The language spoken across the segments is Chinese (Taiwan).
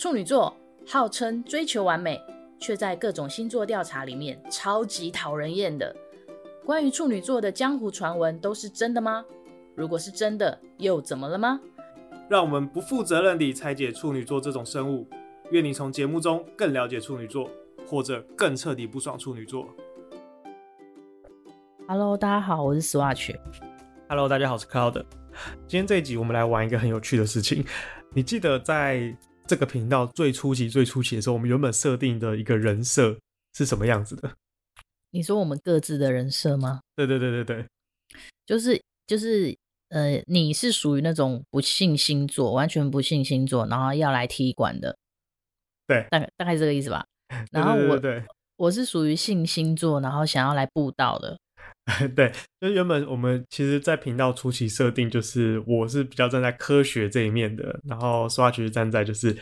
處女座號稱追求完美，却在各種星座調查裡面超級討人厭的。關於處女座的江湖傳聞都是真的嗎？如果是真的，又怎麼了嗎？讓我們不負責任地拆解處女座這種生物。願你從節目中更了解處女座，或者更徹底不爽處女座。Hello，大家好，我是 Swatch。Hello，大家好，我是 Cloud。今天這一集，我們來玩一個很有趣的事情。你記得在。這個頻道最初期、最初期的時候，我們原本設定的一個人設是什麼樣子的？你說我們各自的人設嗎？對，對對對對對，就是就是呃，你是屬於那種不信星座、完全不信星座，然後要來踢館的，對，大概大概是這個意思吧。對對對對對。然後我，對我是屬於信星座，然後想要來布道的。 對，就原本我們其實，在頻道初期設定就是，我是比較站在科學這一面的，然後說話其實站在就是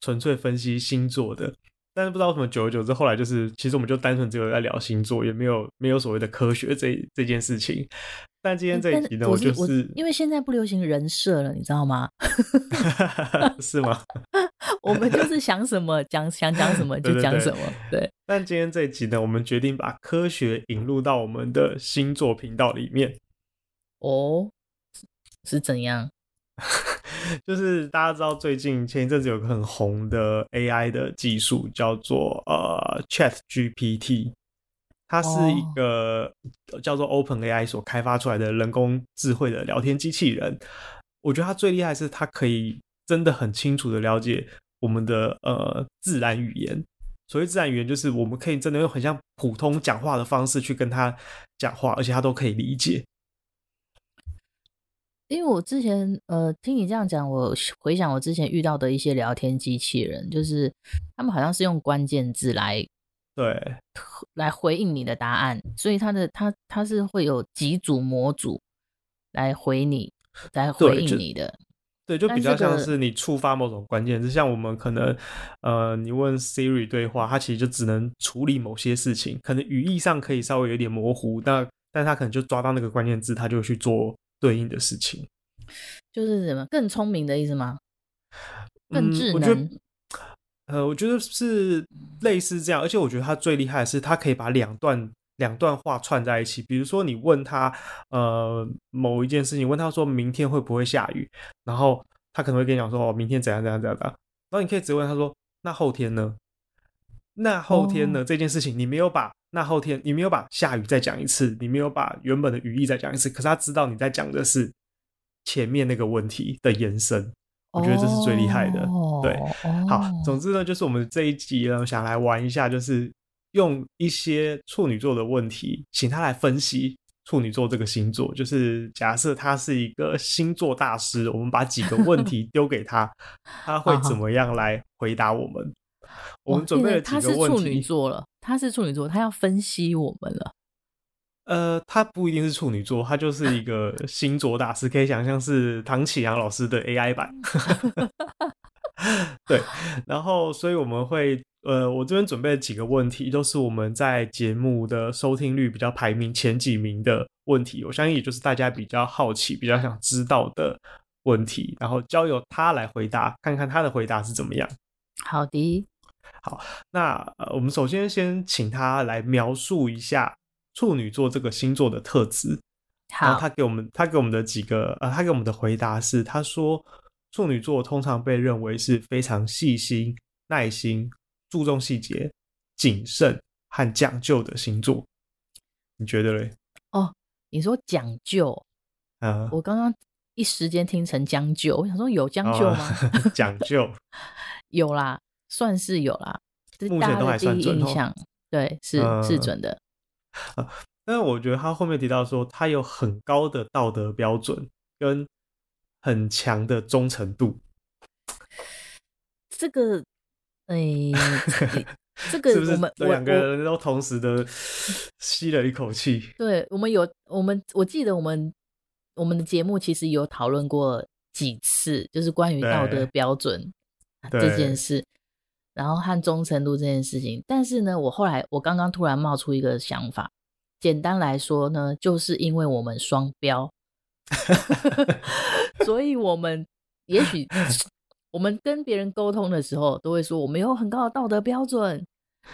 純粹分析星座的，但是不知道為什麼，久而久之，後來就是，其實我們就單純只有在聊星座，也沒有沒有所謂的科學這這件事情。但今天這一集呢，就是，我是我因為現在不流行人設了，你知道嗎？ 是嗎？ 我們就是想什麼講想講什麼就講什麼。 對，對。但今天這一集呢，我們決定把科學引入到我們的星座頻道裡面。哦，是怎樣？ 就是大家知道，最近前一陣子有個很紅的 AI 的技術，叫做呃 ChatGPT。CH 它是一個叫做 OpenAI 所開發出來的人工智慧的聊天機器人。我覺得它最厲害是，它可以真的很清楚的了解我們的呃自然語言。所謂自然語言，就是我們可以真的用很像普通講話的方式去跟他講話，而且他都可以理解。因為我之前呃聽你這樣講，我回想我之前遇到的一些聊天機器人，就是他們好像是用關鍵字來。對，來回應你的答案，所以他的他他是會有幾組模組來回你，來回應你的。對，對，就比較像是你觸發某種關鍵，就像我們可能，呃，你問 Siri 對話，它其實就只能處理某些事情，可能語義上可以稍微有點模糊，但但他可能就抓到那個關鍵字，他就去做對應的事情，就是什麼更聰明的意思嗎？更智能。嗯呃，我覺得是類似這樣，而且我覺得他最厲害的是，他可以把兩段兩段話串在一起。比如說，你問他，呃，某一件事情，問他說明天會不會下雨，然後他可能會跟你講說，哦，明天怎樣怎樣怎樣。然後你可以只問他說，那後天呢？那後天呢？Oh. 這件事情你沒有把那後天，你沒有把下雨再講一次，你沒有把原本的語義再講一次，可是他知道你在講的是前面那個問題的延伸。我覺得這是最厲害的，對，好，總之呢，就是我們這一集呢，想來玩一下，就是用一些處女座的問題，請他來分析處女座這個星座。就是假設他是一個星座大師，我們把幾個問題丟給他，他會怎麼樣來回答我們？我們準備了幾個問題、 哦哦、對的，他是處女座了，他是處女座，他要分析我們了。呃，他不一定是處女座，他就是一個星座大師， 可以想象是唐綺陽老師的 AI 版。 對，然後所以我們會，呃，我這邊準備了幾個問題，都、就是我們在節目的收聽率比較排名前幾名的問題，我相信也就是大家比較好奇、比較想知道的問題，然後交由他來回答，看看他的回答是怎麼樣。好的，好，那呃，我們首先先請他來描述一下。處女座這個星座的特質，好，他給我們他給我們的幾個啊、呃，他給我們的回答是，他說處女座通常被認為是非常細心、耐心、注重細節、謹慎和講究的星座。你覺得嘞？哦，你說講究，啊、嗯，我剛剛一時間聽成將就，我想說有將就嗎？哦、呵呵講究 有啦，算是有啦，目前都還算準印、哦、象，對、嗯，是是準的。啊！但是我覺得他後面提到說，他有很高的道德標準跟很強的忠誠度。這個，哎、欸 欸，這個我們兩個人都同時的吸了一口氣。對，我們有我們我記得我們我們的節目其實有討論過幾次，就是關於道德標準對、啊、這件事。然後和忠誠度這件事情，但是呢，我後來我剛剛突然冒出一個想法，簡單來說呢，就是因為我們雙標， 所以我們也許 我們跟別人溝通的時候，都會說我們有很高的道德標準。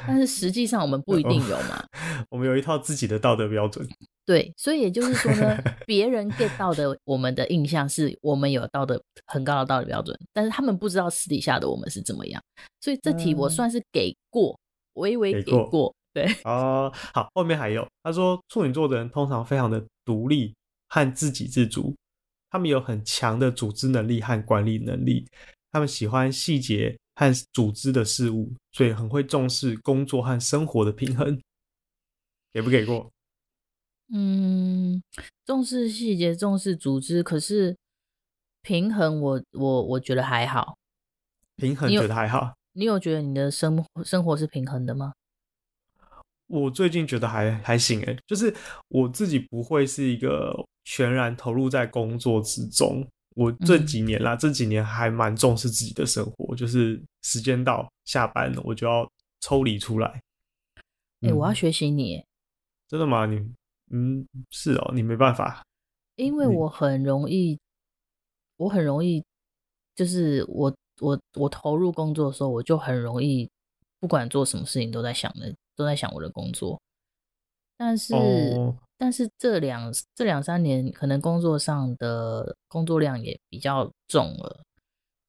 但是實際上，我們不一定有嘛。 我們有一套自己的道德標準。對，所以也就是說呢，別 人 get 到的我們的印象是我們有道德很高的道德標準，但是他們不知道私底下的我們是怎麼樣。所以這題我算是給過，微微、嗯、給過。給過。對啊，哦，好，後面還有。他說，處女座的人通常非常的獨立和自給自足，他們有很強的組織能力和管理能力，他們喜歡細節和組織的事物，所以很會重視工作和生活的平衡。給不給過？嗯，重視細節，重視組織，可是平衡我，我我我覺得還好。平衡覺得還好？你有，你有覺得你的生生活是平衡的嗎？我最近覺得還還行，哎，就是我自己不會是一個全然投入在工作之中。我這幾年啦，嗯、這幾年還蠻重視自己的生活，就是時間到下班了，我就要抽離出來。哎、欸，嗯、我要學習你。真的嗎？你嗯，是哦，你沒辦法，因為我很容易，你我很容易，就是我我我投入工作的時候，我就很容易，不管做什麼事情都在想的，都在想我的工作。但是，oh. 但是這兩這兩三年可能工作上的工作量也比較重了，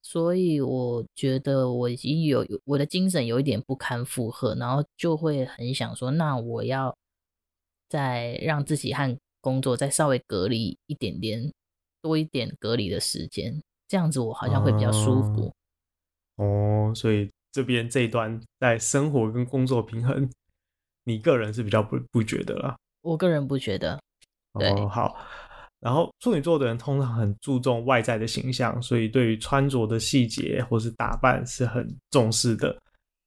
所以我覺得我已經有我的精神有一點不堪負荷，然後就會很想說，那我要再讓自己和工作再稍微隔離一點點，多一點隔離的時間，這樣子我好像會比較舒服。哦，oh. oh. 所以這邊這一段，在生活跟工作平衡。你個人是比較不不覺得啦、啊。我個人不覺得。哦、oh, 對，好。然後處女座的人通常很注重外在的形象，所以對於穿着的細節或是打扮是很重視的。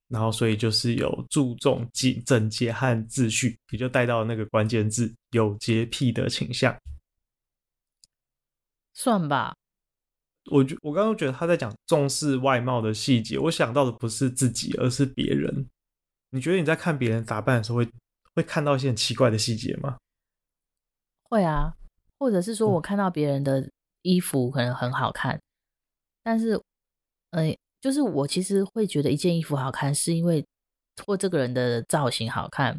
然後，所以就是有注重整整潔和秩序，也就帶到那個關鍵字，有潔癖的傾向。算吧，我我剛剛覺得他在講重視外貌的細節，我想到的不是自己，而是別人。你覺得你在看別人打扮的時候會，會會看到一些很奇怪的細節嗎？會啊，或者是說我看到別人的衣服可能很好看，嗯、但是，嗯、欸、就是我其實會覺得一件衣服好看，是因為或這個人的造型好看，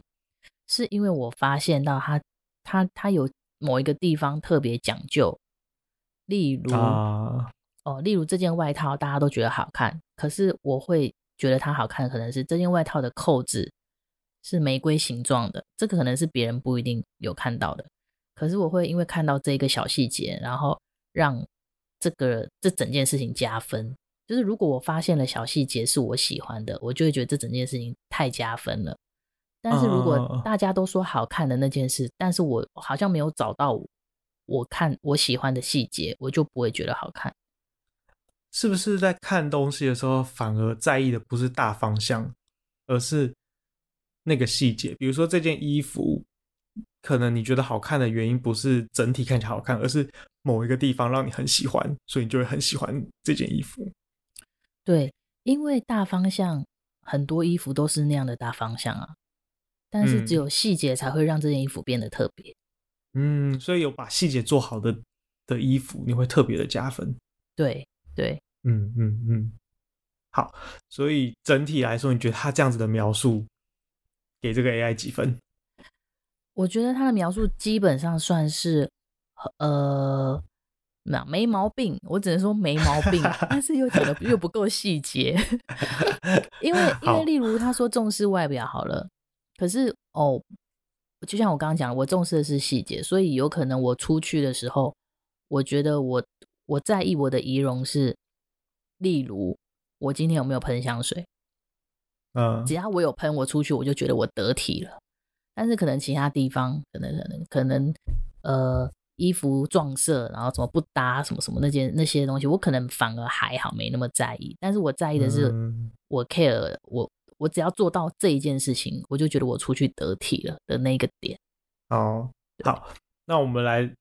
是因為我發現到他他他有某一個地方特別講究，例如、啊、哦，例如這件外套大家都覺得好看，可是我會。覺得它好看，可能是這件外套的扣子是玫瑰形狀的，這個可能是別人不一定有看到的。可是我會因為看到這一個小細節，然後讓這個這整件事情加分。就是如果我發現了小細節是我喜歡的，我就會覺得這整件事情太加分了。但是如果大家都說好看的那件事，但是我好像沒有找到我看我喜歡的細節，我就不會覺得好看。是不是在看東西的時候，反而在意的不是大方向，而是那個細節？比如說這件衣服，可能你覺得好看的原因不是整體看起來好看，而是某一個地方讓你很喜歡，所以你就會很喜歡這件衣服。對，因為大方向很多衣服都是那樣的大方向啊，但是只有細節才會讓這件衣服變得特別。嗯，所以有把細節做好的的衣服，你會特別的加分。對。對，嗯嗯嗯，好，所以整體來說，你覺得他這樣子的描述給這個 AI 幾分？我覺得他的描述基本上算是，呃，沒毛病，我只能說沒毛病， 但是又講得又不夠細節， 因為因為例如他說重視外表好了，好可是哦，就像我剛剛講，我重視的是細節，所以有可能我出去的時候，我覺得我。我在意我的儀容是，例如我今天有沒有噴香水，嗯，只要我有噴，我出去我就覺得我得體了。但是可能其他地方，可能可能可能呃衣服撞色，然後怎麼不搭什麼什麼那件那些東西，我可能反而還好，沒那麼在意。但是我在意的是，我 care 我我只要做到這一件事情，我就覺得我出去得體了的那個點，嗯。哦對，好，那我們來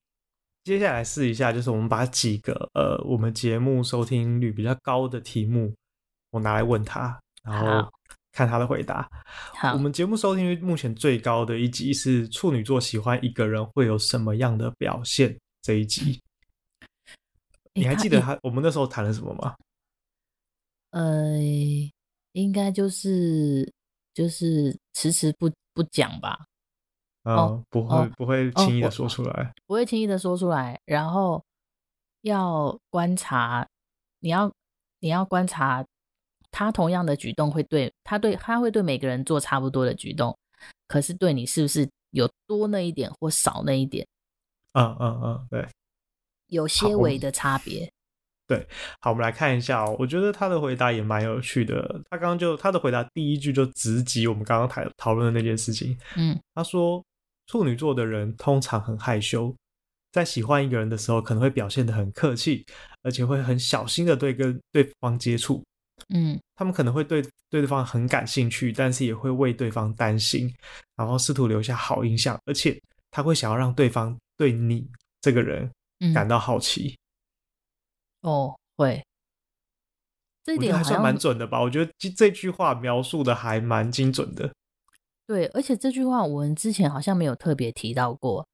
接下來試一下，就是我們把幾個呃，我們節目收聽率比較高的題目，我拿來問他，然後看他的回答。好，好，我們節目收聽率目前最高的一集是處女座喜歡一個人會有什麼樣的表現這一集。嗯，你還記得他，嗯，我們那時候談了什麼嗎？呃，應該就是就是遲遲不不講吧。嗯，哦、不會，哦、不會輕易的說出來、哦，不會輕易的說出來。然後要觀察，你要，你要觀察他同樣的舉動，會對他對他會對每個人做差不多的舉動，可是對你是不是有多那一點或少那一點？嗯嗯嗯，對，有些微的差別。對，好，我們來看一下哦。我覺得他的回答也蠻有趣的。他剛剛就他的回答，第一句就直擊我們剛剛談討論的那件事情。嗯，他說。處女座的人通常很害羞，在喜歡一個人的時候，可能會表現得很客氣，而且會很小心的對跟對方接觸。嗯，他們可能會對對對方很感興趣，但是也會為對方擔心，然後試圖留下好印象，而且他會想要讓對方對你這個人感到好奇。嗯、哦，會，這點還算蠻準的吧？這我覺得這句話描述的還蠻精準的。對，而且這句話我們之前好像沒有特別提到過，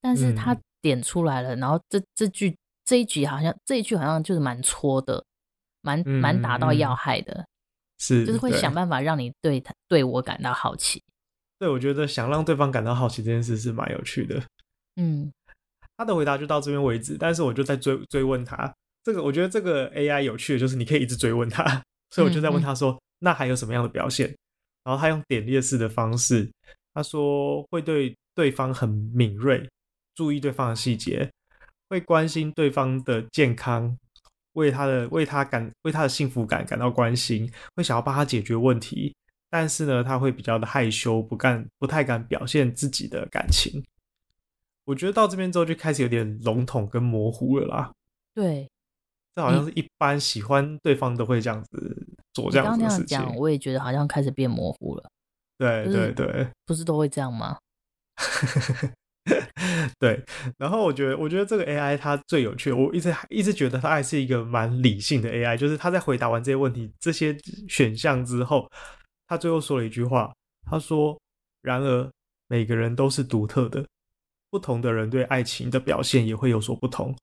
但是他點出來了，嗯、然後這這句這一集好像這一句好像就是蠻戳的，蠻蠻、嗯、打到要害的，是就是會想辦法讓你對他對，對我感到好奇。對，我覺得想讓對方感到好奇這件事是蠻有趣的。嗯，他的回答就到這邊為止，但是我就在追追問他，這個我覺得這個 AI 有趣的就是你可以一直追問他，所以我就在問他說，嗯嗯，那還有什麼樣的表現？然後他用點列式的方式，他說會對對方很敏銳，注意對方的細節，會關心對方的健康，為他的為他感為他的幸福感感到關心，會想要幫他解決問題。但是呢，他會比較的害羞，不敢不太敢表現自己的感情。我覺得到這邊之後就開始有點籠統跟模糊了啦。對，這好像是一般喜歡對方都會這樣子。你剛剛那樣講，我也覺得好像開始變模糊了。對，對，對，不是都會這樣嗎？對，對， 對。然後我覺得，我覺得這個 AI 它最有趣，我一直一直覺得它還是一個蠻理性的 AI。就是他在回答完這些問題、這些選項之後，他最後說了一句話：“他說，然而每個人都是獨特的，不同的人對愛情的表現也會有所不同。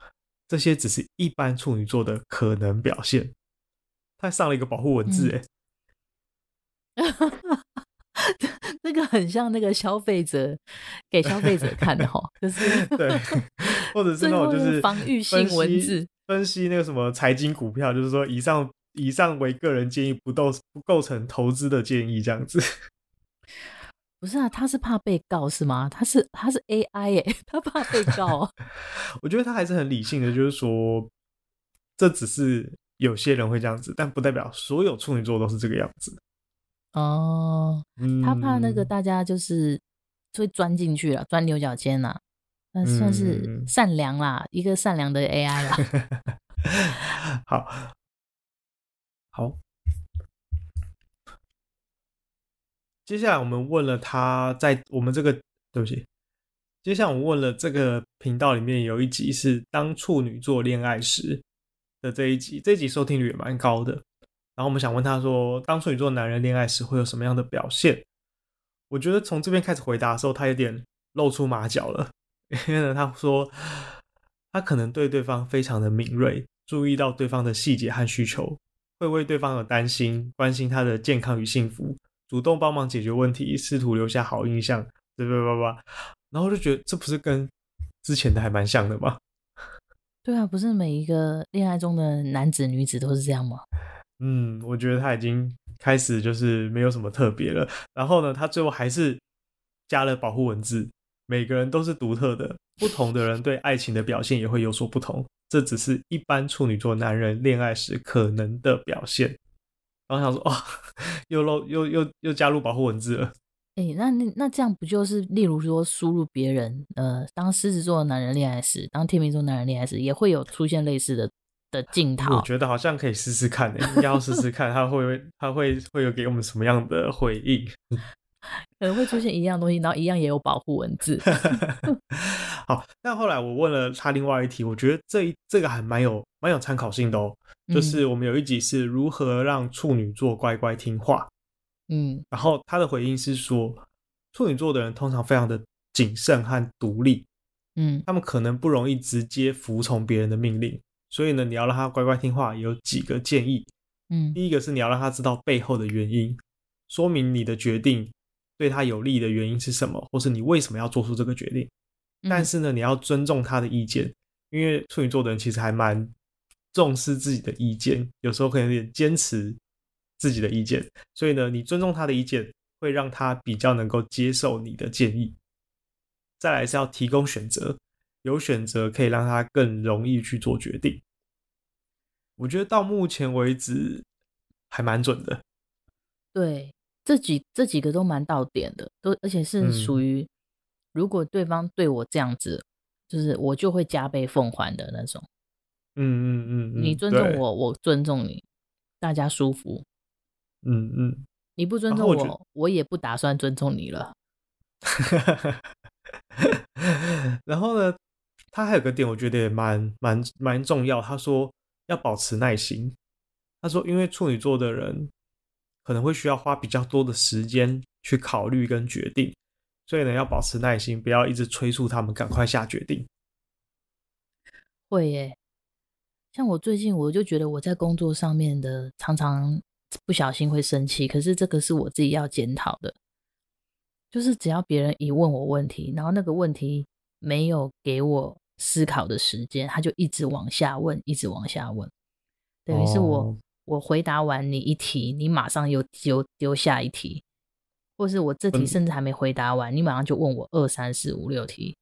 這些只是一般處女座的可能表現。”上了一個保護文字，哎、嗯， 那個很像那個消費者給消費者看的哈，就是 對，或者是那種就是防御性文字，分析那個什麼財經股票，就是說以上以上為個人建議，不構不構成投資的建議，這樣子。不是啊，他是怕被告是嗎？他是他是 AI 哎，他怕被告、啊。 我覺得他還是很理性的，就是說這只是。有些人會這樣子，但不代表所有處女座都是這個樣子。哦，嗯、他怕那個大家就是會鑽進去了，鑽牛角尖了。那算是善良啦，嗯、一個善良的 AI 啦。 好。好。接下來我們問了他在我們這個，對不起，接下來我們問了這個頻道裡面有一集是當處女座戀愛時。這一集，這一集收聽率也蠻高的。然後我們想問他說，當處女座男人戀愛時會有什麼樣的表現？我覺得從這邊開始回答的時候，他有點露出馬腳了，因為呢，他說他可能對對方非常的敏銳，注意到對方的細節和需求，會為對方而擔心，關心他的健康與幸福，主動幫忙解決問題，試圖留下好印象，對，對，對吧？然後就覺得這不是跟之前的還蠻像的嗎？對啊，不是每一個戀愛中的男子、女子都是這樣嗎？嗯，我覺得他已經開始就是沒有什麼特別了。然後呢，他最後還是加了保護文字。每個人都是獨特的，不同的人對愛情的表現也會有所不同。這只是一般處女座男人戀愛時可能的表現。然後想說，哦，又漏又又又加入保護文字了。哎、欸，那那那這樣不就是，例如說，輸入別人，呃，當獅子座的男人戀愛時，當天秤座男人戀愛時，也會有出現類似的的鏡頭。我覺得好像可以試試看。欸，要試試看他會 他會，他會他會會有給我們什麼樣的回應？可能會出現一樣東西，然後一樣也有保護文字。 好，那後來我問了他另外一題，我覺得這一這個還蠻有蠻有參考性的哦、喔。嗯、就是我們有一集是如何讓處女座乖乖聽話。嗯，然後他的回應是說，處女座的人通常非常的謹慎和獨立，嗯，他們可能不容易直接服從別人的命令，所以呢，你要讓他乖乖聽話，有幾個建議，嗯，第一個是你要讓他知道背後的原因，說明你的決定對他有利的原因是什麼，或是你為什麼要做出這個決定，嗯，但是呢，你要尊重他的意見，因為處女座的人其實還蠻重視自己的意見，有時候可能有點堅持。自己的意見，所以呢，你尊重他的意見，會讓他比較能夠接受你的建議。再來是要提供選擇，有選擇可以讓他更容易去做決定。我覺得到目前為止還蠻準的。對，這幾這幾個都蠻到點的，都而且是屬於如果對方對我這樣子，嗯、就是我就會加倍奉還的那種。嗯嗯嗯，你尊重我，對我尊重你，大家舒服。嗯嗯，嗯，你不尊重我，我，我也不打算尊重你了。 然後呢，他還有個點，我覺得也蠻蠻蠻重要。他說要保持耐心。他說，因為處女座的人可能會需要花比較多的時間去考慮跟決定，所以呢，要保持耐心，不要一直催促他們趕快下決定。會耶，像我最近我就覺得我在工作上面的常常。不小心會生氣，可是這個是我自己要檢討的。就是只要別人一問我問題，然後那個問題沒有給我思考的時間，他就一直往下問，一直往下問。等於是我，哦、我回答完你一題，你馬上又丟丟下一題，或是我這題甚至還沒回答完，你馬上就問我二三四五六題。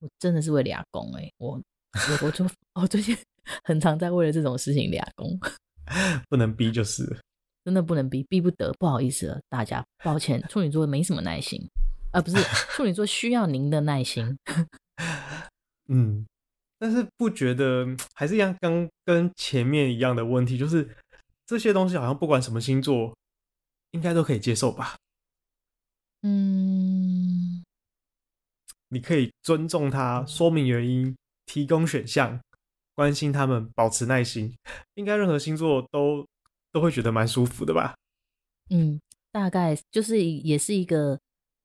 我真的是會倆工誒，我我我就， 哦、最近很常在為了這種事情倆工，不能逼就是。真的不能逼，逼不得，不好意思了，大家，抱歉，處女座沒什麼耐心啊、呃，不是 處女座需要您的耐心， 嗯，但是不覺得，還是一樣，跟跟前面一樣的問題，就是這些東西好像不管什麼星座，應該都可以接受吧，嗯，你可以尊重他，說明原因，提供選項，關心他們，保持耐心，應該任何星座都。都會覺得蠻舒服的吧？嗯，大概就是也是一個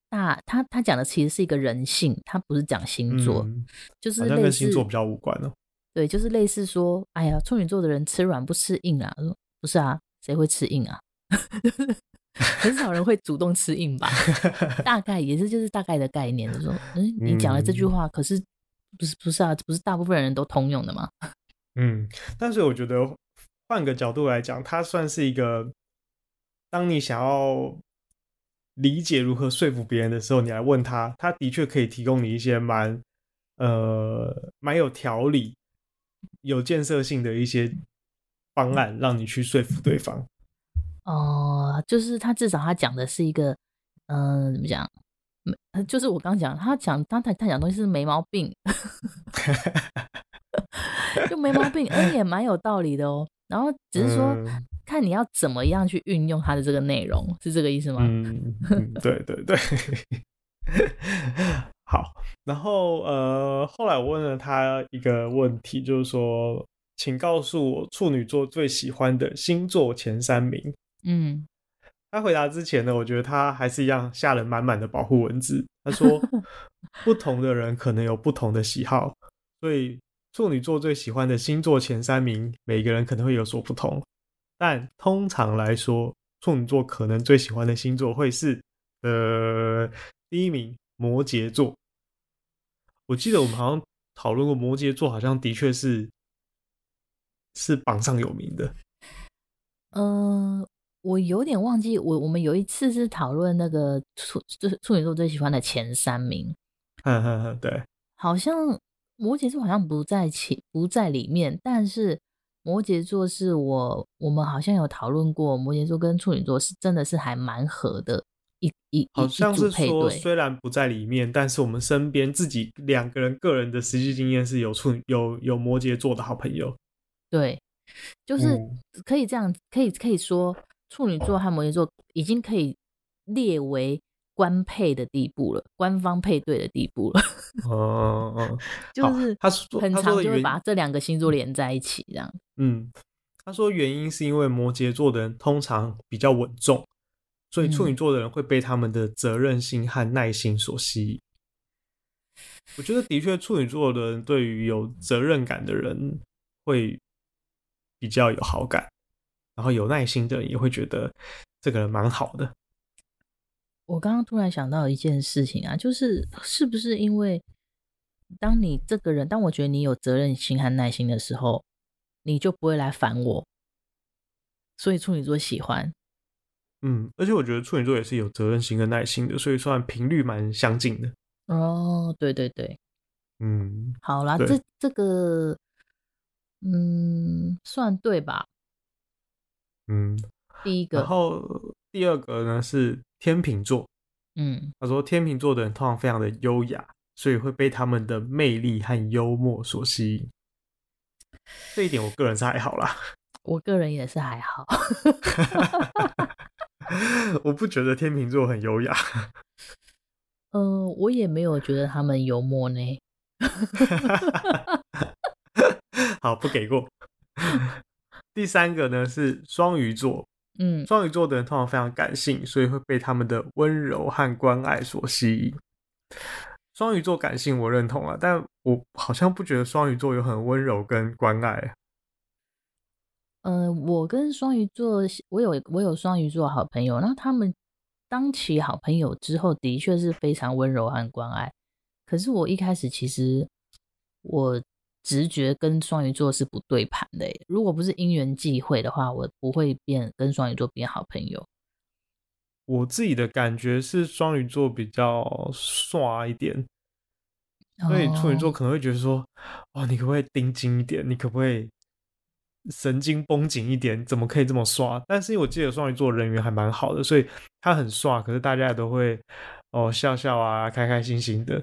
大他他講的其實是一個人性，他不是講星座，嗯、就是類似、好像跟星座比較無關哦。對，就是類似說，哎呀，處女座的人吃軟不吃硬啊，說不是啊，誰會吃硬啊？ 很少人會主動吃硬吧？ 大概也是就是大概的概念。說，嗯，你講的這句話，可是不是不是啊？不是大部分人都通用的嗎？嗯，但是我覺得。換個角度來講，他算是一個，當你想要理解如何說服別人的時候，你來問他，他的確可以提供你一些蠻，呃，蠻有條理、有建設性的一些方案，讓你去說服對方。哦、呃，就是他至少他講的是一個，嗯、呃，怎麼講？就是我剛講他講，他講他他講東西是沒毛病， 就沒毛病，嗯，也蠻有道理的哦。然後只是說，嗯、看你要怎麼樣去運用他的這個內容，是這個意思嗎？嗯、對對對， 好。然後呃，後來我問了他一個問題，就是說，請告訴我處女座最喜歡的星座前三名。嗯，他回答之前呢，我覺得他還是一樣下了滿滿的保護文字。他說， 不同的人可能有不同的喜好，所以。處女座最喜歡的星座前三名，每個人可能會有所不同，但通常來說，處女座可能最喜歡的星座會是，呃，第一名摩羯座。我記得我們好像討論過摩羯座，好像的確是是榜上有名的。嗯、呃，我有點忘記，我我們有一次是討論那個處就是處女座最喜歡的前三名。嗯嗯嗯，對，好像。摩羯座好像不在其不在裡面，但是摩羯座是我我們好像有討論過，摩羯座跟處女座是真的是還蠻合的。一一好像是說，雖然不在裡面，但是我們身邊自己兩個人個人的實際經驗是有處有有摩羯座的好朋友。對，就是可以這樣，嗯，可以可以說處女座和摩羯座已經可以列為。官配的地步了，官方配對的地步了。哦， 就是他，很常就會把這兩個星座連在一起，這樣。嗯，他說原因是因為摩羯座的人通常比較穩重，所以處女座的人會被他們的責任心和耐心所吸引。嗯。我覺得的確，處女座的人對於有責任感的人會比較有好感，然後有耐心的人也會覺得這個人蠻好的。我剛剛突然想到一件事情啊，就是是不是因為當你這個人，當我覺得你有責任心和耐心的時候，你就不會來煩我，所以處女座喜歡。嗯，而且我覺得處女座也是有責任心和耐心的，所以算頻率蠻相近的。哦，對對對，嗯，好啦，對這這個，嗯，算對吧？嗯，第一個，然後第二個呢是。天秤座，嗯，他說天秤座的人通常非常的優雅，所以會被他們的魅力和幽默所吸引。這一點我個人是還好啦，我個人也是還好。 我不覺得天秤座很優雅。嗯、呃，我也沒有覺得他們幽默呢。 好，不給過。 第三個呢是雙魚座。嗯，雙魚座的人通常非常感性，所以會被他們的溫柔和關愛所吸引。雙魚座感性我認同了啊，但我好像不覺得雙魚座有很溫柔跟關愛。嗯，呃，我跟雙魚座，我有我有雙魚座好朋友，那他們當起好朋友之後，的確是非常溫柔和關愛。可是我一開始其實我。直覺跟雙魚座是不對盤的，如果不是因緣際會的話，我不會變跟雙魚座變好朋友。我自己的感覺是雙魚座比較刷一點，oh. 所以處女座可能會覺得說：“哦，你可不可以盯緊一點？你可不可以神經繃緊一點？怎麼可以這麼刷？”但是因為我記得雙魚座人緣還蠻好的，所以他很刷，可是大家也都會哦笑笑啊，開開心心的。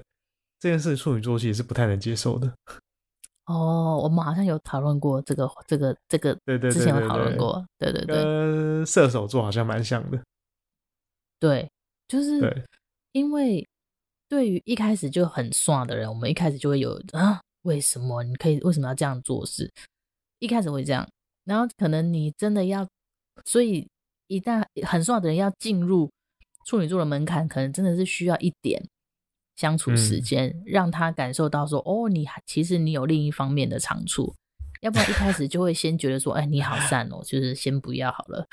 這件事處女座其實是不太能接受的。哦，oh, 我們好像有討論過這個，這個，這個，對對對，之前有討論過，對,對對對，對對對跟射手座好像蠻像的，對，就是因為對於一開始就很帥的人，我們一開始就會有啊，為什麼你可以為什麼要這樣做事？一開始會這樣，然後可能你真的要，所以一旦很帥的人要進入處女座的門檻，可能真的是需要一點。相處時間，讓他感受到說：“嗯、哦，你其實你有另一方面的長處，要不然一開始就會先覺得說， 哎，你好善哦，就是先不要好了，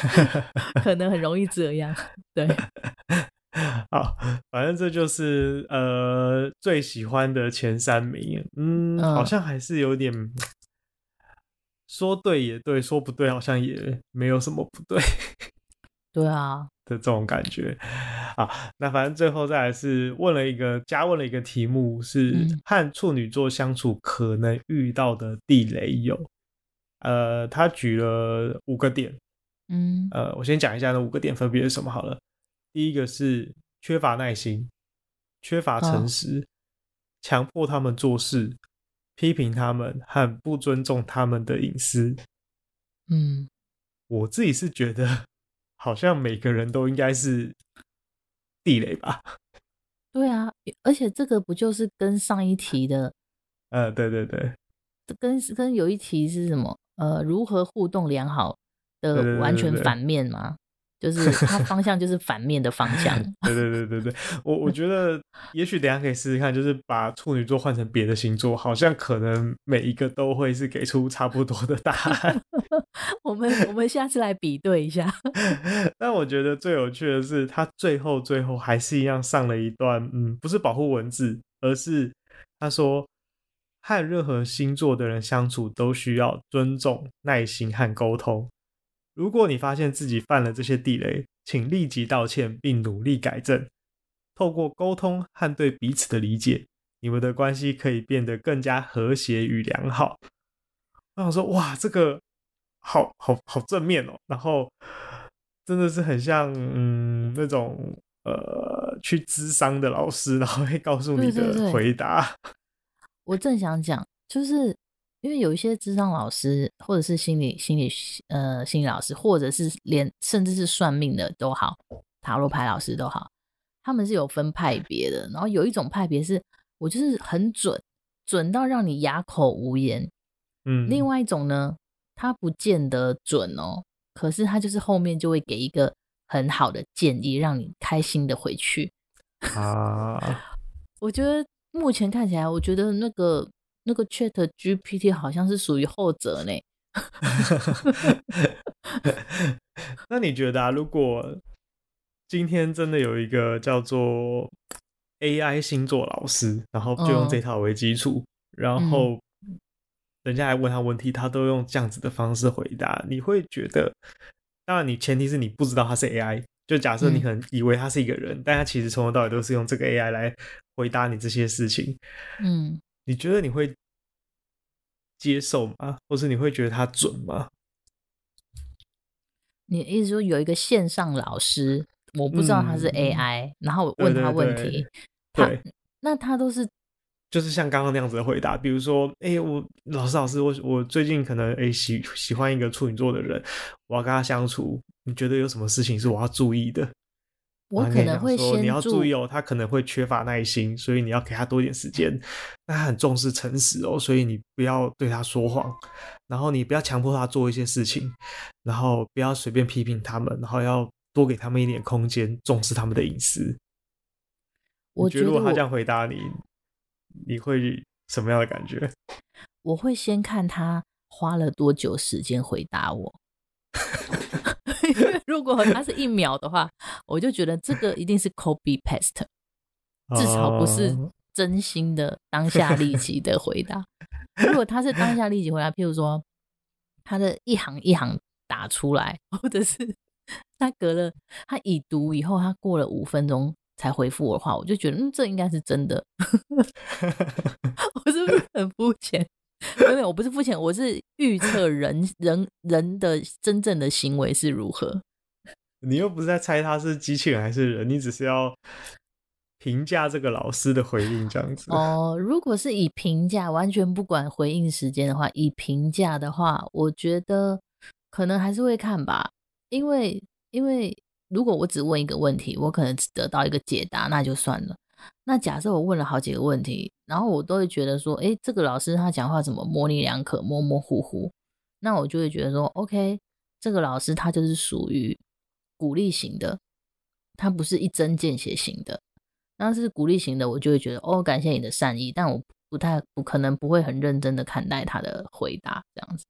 可能很容易這樣。”對，好，反正這就是呃最喜歡的前三名。嗯，嗯，好像還是有點說對也對，說不對好像也沒有什麼不對。對啊。的這種感覺啊，那反正最後再來是問了一個加問了一個題目，是和處女座相處可能遇到的地雷有、哦，嗯、呃，他舉了五個點，嗯，呃，我先講一下那五個點分別是什麼好了。第一個是缺乏耐心，缺乏誠實，強、哦、迫他們做事，批評他們，和不尊重他們的隱私。嗯，我自己是覺得。好像每個人都應該是地雷吧？對啊，而且這個不就是跟上一題的，呃，對對對，跟跟有一題是什麼？呃，如何互動良好的完全反面嗎？對對對對對就是它方向就是反面的方向。對 對對對對，我我覺得也許等一下可以試試看，就是把處女座換成別的星座，好像可能每一個都會是給出差不多的答案。 我們我們下次來比對一下。 但我覺得最有趣的是，他最後最後還是一樣上了一段，嗯，不是保護文字，而是他說，和任何星座的人相處都需要尊重、耐心和溝通。如果你發現自己犯了這些地雷，請立即道歉並努力改正。透過溝通和對彼此的理解，你們的關係可以變得更加和諧與良好。然後我想說，哇，這個好好好正面哦，喔！然後真的是很像嗯那種呃去諮商的老師，然後會告訴你的回答。對對對，我正想講，就是。因為有一些諮商老師，或者是心理心理呃心理老師，或者是連甚至是算命的都好，塔羅牌老師都好，他們是有分派別的。然後有一種派別是，我就是很準，準到讓你啞口無言。嗯，另外一種呢，他不見得準哦，可是他就是後面就會給一個很好的建議，讓你開心的回去。 啊，我覺得目前看起來，我覺得那個。那個 ChatGPT 好像是屬於後者呢。 那你覺得、啊，如果今天真的有一個叫做 AI 星座老師，然後就用這套為基礎，哦、然後人家來問他問題，他都用這樣子的方式回答，嗯、你會覺得？當然，你前提是你不知道他是 AI，就假設你可能以為他是一個人，嗯、但他其實從頭到尾都是用這個 AI 來回答你這些事情。嗯。你覺得你會接受嗎？或者你會覺得他準嗎？你意思說有一個線上老師，我不知道他是 AI，、嗯、然後問他問題，對對對他對那他都是就是像剛剛那樣子的回答，比如說，哎、欸，我老師老師，我我最近可能哎、欸、喜喜歡一個處女座的人，我要跟他相處，你覺得有什麼事情是我要注意的？啊、我可能會說，你要注意哦，他可能會缺乏耐心，所以你要給他多一點時間。但他很重視誠實哦，所以你不要對他說謊，然後你不要強迫他做一些事情，然後不要隨便批評他們，然後要多給他們一點空間，重視他們的隱私。我覺得，我覺得如果他這樣回答你，你會什麼樣的感覺？我會先看他花了多久時間回答我。 如果他是一秒的話，我就覺得這個一定是 copy paste，至少不是真心的當下立即的回答。Oh. 如果他是當下立即回答，譬如說他的一行一行打出來，或者是他隔了他已讀以後，他過了五分鐘才回復我的話，我就覺得嗯，這應該是真的。 我是不是很膚淺？沒有，我不是膚淺，我是預測人人人的真正的行為是如何。你又不是在猜他是機器人還是人，你只是要評價這個老師的回應這樣子哦。如果是以評價，完全不管回應時間的話，以評價的話，我覺得可能還是會看吧，因為因為如果我只問一個問題，我可能只得到一個解答，那就算了。那假設我問了好幾個問題，然後我都會覺得說，哎、欸，這個老師他講話怎麼模稜兩可、模模糊糊？那我就會覺得說，OK，這個老師他就是屬於。鼓勵型的，他不是一針見血型的，他是鼓勵型的，我就會覺得哦，感謝你的善意，但我不太，我可能不會很認真的看待他的回答這樣子。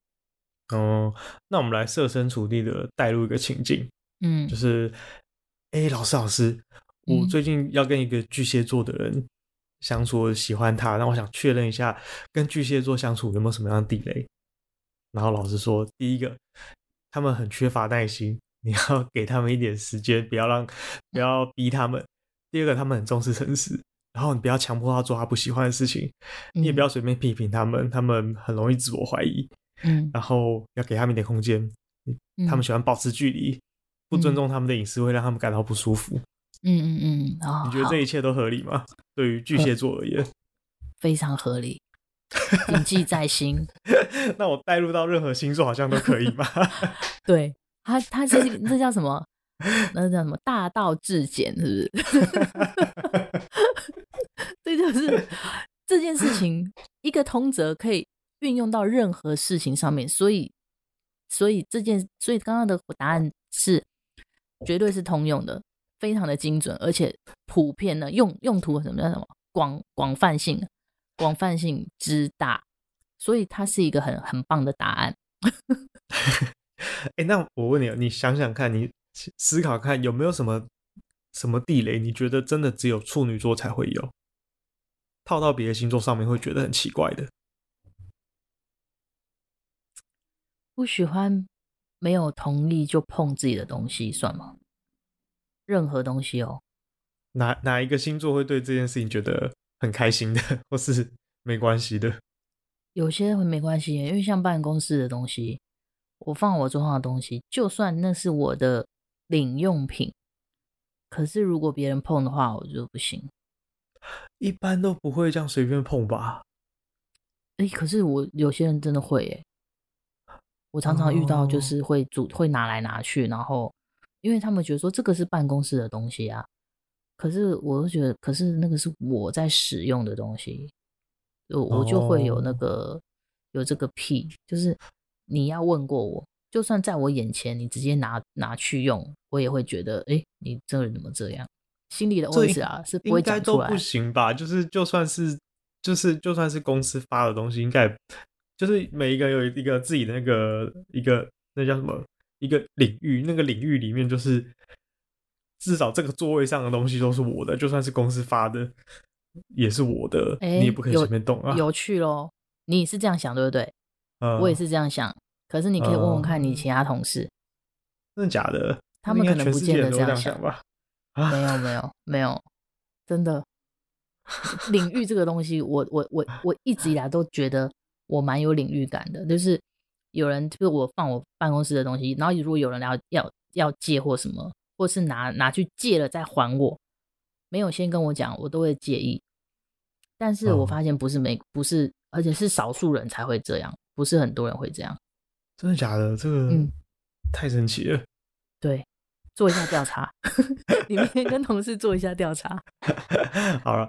哦，那我們來設身處地的帶入一個情境，嗯，就是，哎、欸，老師，老師，我最近要跟一個巨蟹座的人相處，我喜歡他，那、嗯、我想確認一下，跟巨蟹座相處有沒有什麼樣的地雷？然後老師說，第一個，他們很缺乏耐心。你要給他們一點時間，不要讓，不要逼他們。嗯、第二個，他們很重視誠實，然後你不要強迫他做他不喜歡的事情。嗯、你也不要隨便批評他們，他們很容易自我懷疑。嗯，然後要給他們一點空間，嗯嗯、他們喜歡保持距離，不尊重他們的隱私、嗯、會讓他們感到不舒服。嗯嗯嗯，嗯嗯哦、你覺得這一切都合理嗎？好對於巨蟹座而言，非常合理，銘記在心。 那我帶入到任何星座好像都可以嗎？ 對。他他是那叫什麼？那、嗯、叫什麼？大道至簡，是不是？ 這就是這件事情，一個通則可以運用到任何事情上面。所以，所以這件，所以剛剛的答案是，絕對是通用的，非常的精準，而且普遍的用用途。什麼叫什麼？廣廣泛性，廣泛性之大，所以它是一個很很棒的答案。 哎、欸，那我問你，你想想看，你思考看有沒有什麼什麼地雷？你覺得真的只有處女座才會有，套到別的星座上面會覺得很奇怪的。不喜歡沒有同意就碰自己的東西，算嗎？任何東西哦。哪哪一個星座會對這件事情覺得很開心的，或是沒關係的？有些會沒關係，因為像辦公室的東西。我放好我桌上的東西，就算那是我的領用品，可是如果別人碰的話，我就不行。一般都不會這樣隨便碰吧？誒、欸，可是我有些人真的會誒、欸，我常常遇到就是會主、oh. 會拿來拿去，然後因為他們覺得說這個是辦公室的東西啊，可是我就覺得，可是那個是我在使用的東西，我我就會有那個、oh. 有這個癖，就是。你要問過我，就算在我眼前，你直接拿拿去用，我也會覺得，哎、欸，你這個人怎麼這樣？心裡的位置啊，所以，是不會，應該都不行吧？就是就算是，就是就算是公司發的東西，應該就是每一個有一個自己的那個一個那叫什麼一個領域，那個領域裡面就是至少這個座位上的東西都是我的，就算是公司發的也是我的，欸、你也不可以隨便動啊有。有趣咯，你是這樣想對不對？嗯、我也是這樣想，可是你可以問問看你其他同事，嗯、真的假的？他們可能不見得這樣想，應該全世界都會這樣想吧 沒？沒有沒有沒有，真的。領域這個東西，我我我我一直以來都覺得我蠻有領域感的，就是有人就是我放我辦公室的東西，然後如果有人要要要借或什麼，或是拿拿去借了再還我，沒有先跟我講，我都會介意。但是我發現不是沒不是，而且是少數人才會這樣。不是很多人會這樣，真的假的？這個、嗯、太神奇了。對，做一下調查， 你明天跟同事做一下調查。 好了，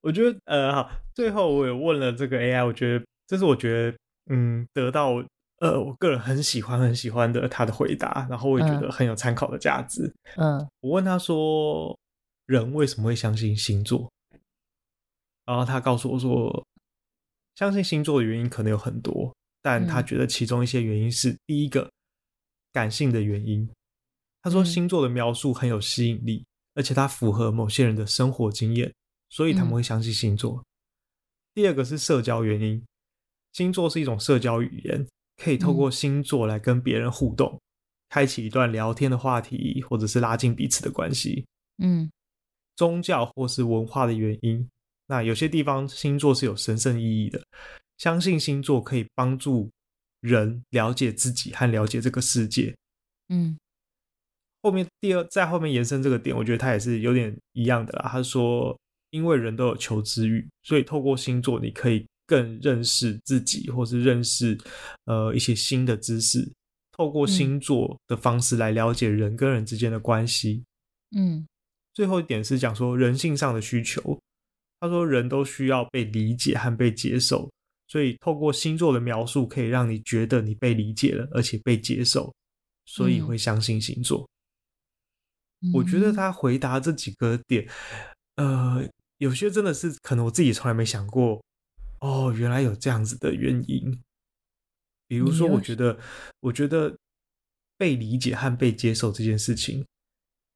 我覺得呃，最後我也問了這個 AI，我覺得這是我覺得嗯，得到呃我個人很喜歡很喜歡的他的回答，然後我也覺得很有參考的價值嗯。嗯，我問他說，人為什麼會相信星座？然後他告訴我說，相信星座的原因可能有很多。但他覺得其中一些原因是：第一個，嗯、感性的原因。他說，星座的描述很有吸引力，嗯、而且它符合某些人的生活經驗，所以他們會相信星座。嗯、第二個是社交原因，星座是一種社交語言，可以透過星座來跟別人互動，嗯、開啟一段聊天的話題，或者是拉近彼此的關係。嗯，宗教或是文化的原因，那有些地方星座是有神聖意義的。相信星座可以幫助人了解自己和了解這個世界。嗯，後面第二，在後面延伸這個點，我覺得他也是有點一樣的啦。他說，因為人都有求知慾，所以透過星座，你可以更認識自己，或是認識呃一些新的知識。透過星座的方式來了解人跟人之間的關係。嗯，最後一點是講說人性上的需求。他說，人都需要被理解和被接受。所以，透過星座的描述，可以讓你覺得你被理解了，而且被接受，所以會相信星座。我覺得他回答這幾個點，呃，有些真的是可能我自己從來沒想過，哦，原來有這樣子的原因。比如說，我覺得，我覺得被理解和被接受這件事情，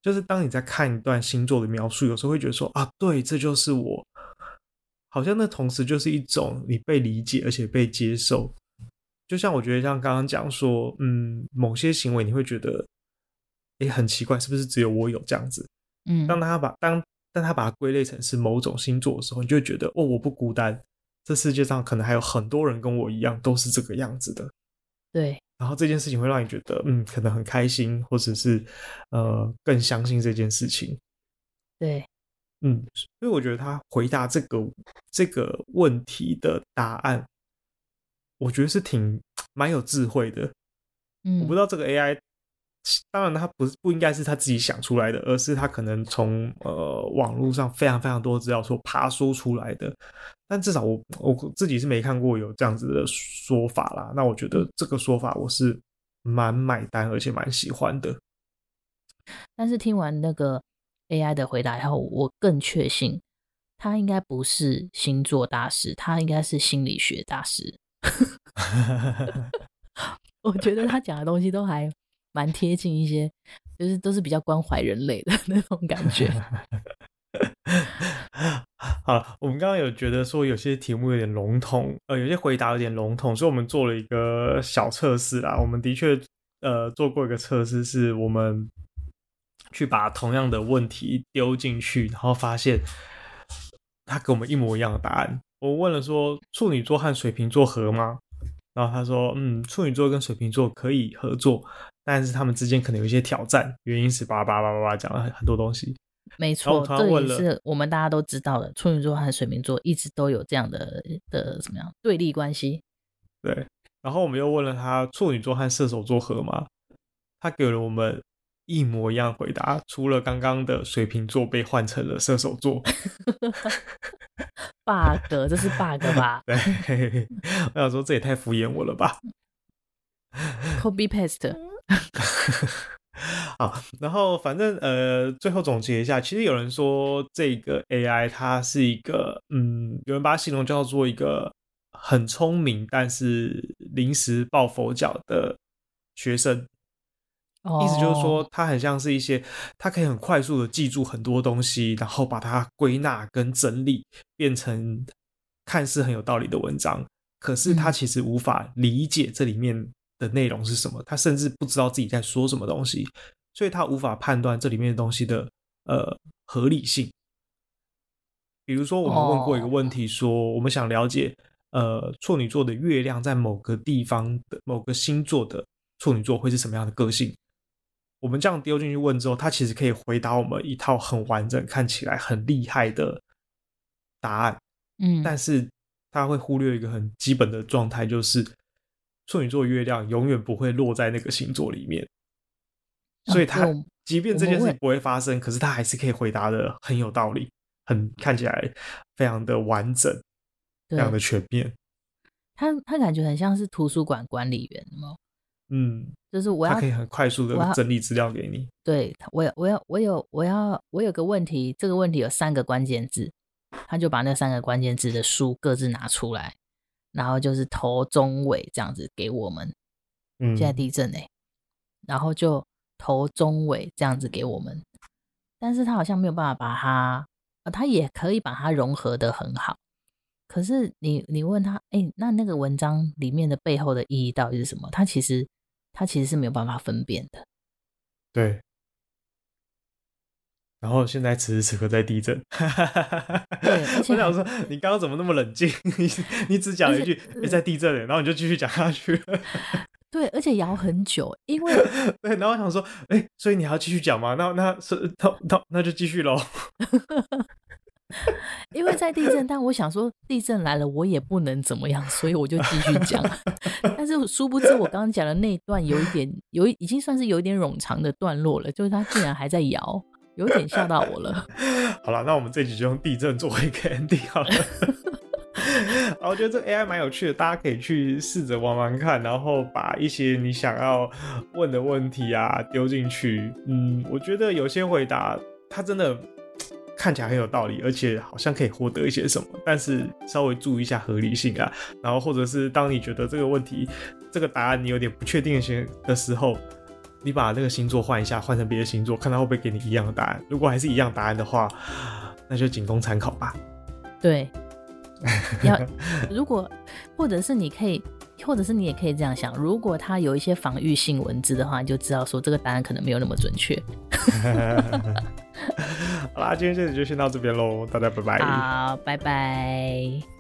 就是當你在看一段星座的描述，有時候會覺得說啊，對，這就是我。好像那同時就是一種你被理解而且被接受，就像我覺得像剛剛講說，嗯，某些行為你會覺得，欸，很奇怪，是不是只有我有這樣子？嗯，當他把當當他把它歸類成是某種星座的時候，你就會覺得哦，我不孤單，這世界上可能還有很多人跟我一樣都是這個樣子的。對。然後這件事情會讓你覺得，嗯，可能很開心，或者是呃，更相信這件事情。對。嗯，所以我覺得他回答這個這個問題的答案，我覺得是挺蠻有智慧的。嗯，我不知道這個 AI，當然他不是不應該是他自己想出來的，而是他可能從呃網絡上非常非常多資料說爬梳出來的。但至少我我自己是沒看過有這樣子的說法啦。那我覺得這個說法我是蠻買單，而且蠻喜歡的。但是聽完那個。AI 的回答以後，我更確信他應該不是星座大師，他應該是心理學大師。 我覺得他講的東西都還蠻貼近一些，就是都是比較關懷人類的那種感覺。 好，我們剛剛有覺得說有些題目有點籠統，呃，有些回答有點籠統，所以我們做了一個小測試啦。我們的確呃做過一個測試，是我們。去把同樣的問題丟進去，然後發現他給我們一模一樣的答案。我問了說，處女座和水瓶座合嗎？然後他說：“嗯，處女座跟水瓶座可以合作，但是他們之間可能有一些挑戰。原因是叭叭叭叭叭，講了很很多東西。沒錯，他問了這也是我們大家都知道的。處女座和水瓶座一直都有這樣的的怎麼樣對立關係。對。然後我們又問了他處女座和射手座合嗎？他給了我們。”一模一樣回答，除了剛剛的水瓶座被換成了射手座 b 霸德， bug, 這是 bug 吧？ 對，我想說這也太敷衍我了吧？Kobe Copy Paste， 好，然後反正呃，最後總結一下，其實有人說這個 AI 它是一個，嗯，有人把它形容叫做一個很聰明，但是臨時抱佛腳的學生。意思就是說，他很像是一些，他可以很快速的記住很多東西，然後把它歸納跟整理，變成看似很有道理的文章。可是他其實無法理解這裡面的內容是什麼，他甚至不知道自己在說什麼東西，所以他無法判斷這裡面的東西的呃合理性。比如說，我們問過一個問題，說我們想了解，呃，處女座的月亮在某個地方的某個星座的處女座會是什麼樣的個性。我們這樣丟進去問之後，他其實可以回答我們一套很完整、看起來很厲害的答案。嗯，但是他會忽略一個很基本的狀態，就是處女座月亮永遠不會落在那個星座裡面。啊、所以他，他我即便這件事不會發生，可是他還是可以回答得很有道理，很看起來非常的完整，非常對的全面。他他感覺很像是圖書館管理員嗎？嗯，就是我要他可以很快速的整理資料給你。要對，我有，我要，我有，我要，我有個問題，這個問題有三個關鍵字，他就把那三個關鍵字的書各自拿出來，然後就是頭中尾這樣子給我們。嗯，現在地震呢、欸，然後就頭中尾這樣子給我們，但是他好像沒有辦法把它，呃、啊，他也可以把它融合得很好。可是你你問他，哎、欸，那那個文章裡面的背後的意義到底是什麼？他其實他其實是沒有辦法分辨的，對。然後現在此時此刻在地震， 我想說，你剛剛怎麼那麼冷靜？你你只講了一句“而且欸、在地震”，然後你就繼續講下去。 對，而且搖很久，因為對。然後我想說，哎、欸，所以你還要繼續講嗎？那那是那那那，那就繼續嘍。 因為在地震，但我想說地震來了，我也不能怎麼樣，所以我就繼續講。 但是殊不知，我剛剛講的那一段有一點，有已經算是有一點冗長的段落了。就是他竟然還在搖，有點嚇到我了。 好了，那我們這集就用地震做一個 ending 好了。 啊，我覺得這 AI 蠻有趣的，大家可以去試着玩玩看，然後把一些你想要問的問題啊丟進去。嗯，我覺得有些回答，他真的。看起來很有道理，而且好像可以獲得一些什麼，但是稍微注意一下合理性啊。然後，或者是當你覺得這個問題、這個答案你有點不確定性的時候，你把那個星座換一下，換成別的星座，看他會不會給你一樣的答案？如果還是一樣答案的話，那就僅供參考吧。對， 要如果或者是你可以。或者是你也可以這樣想，如果它有一些防禦性文字的話，你就知道說這個答案可能沒有那麼準確。 好啦，今天這次就先到這邊嘍，大家拜拜，好，拜拜。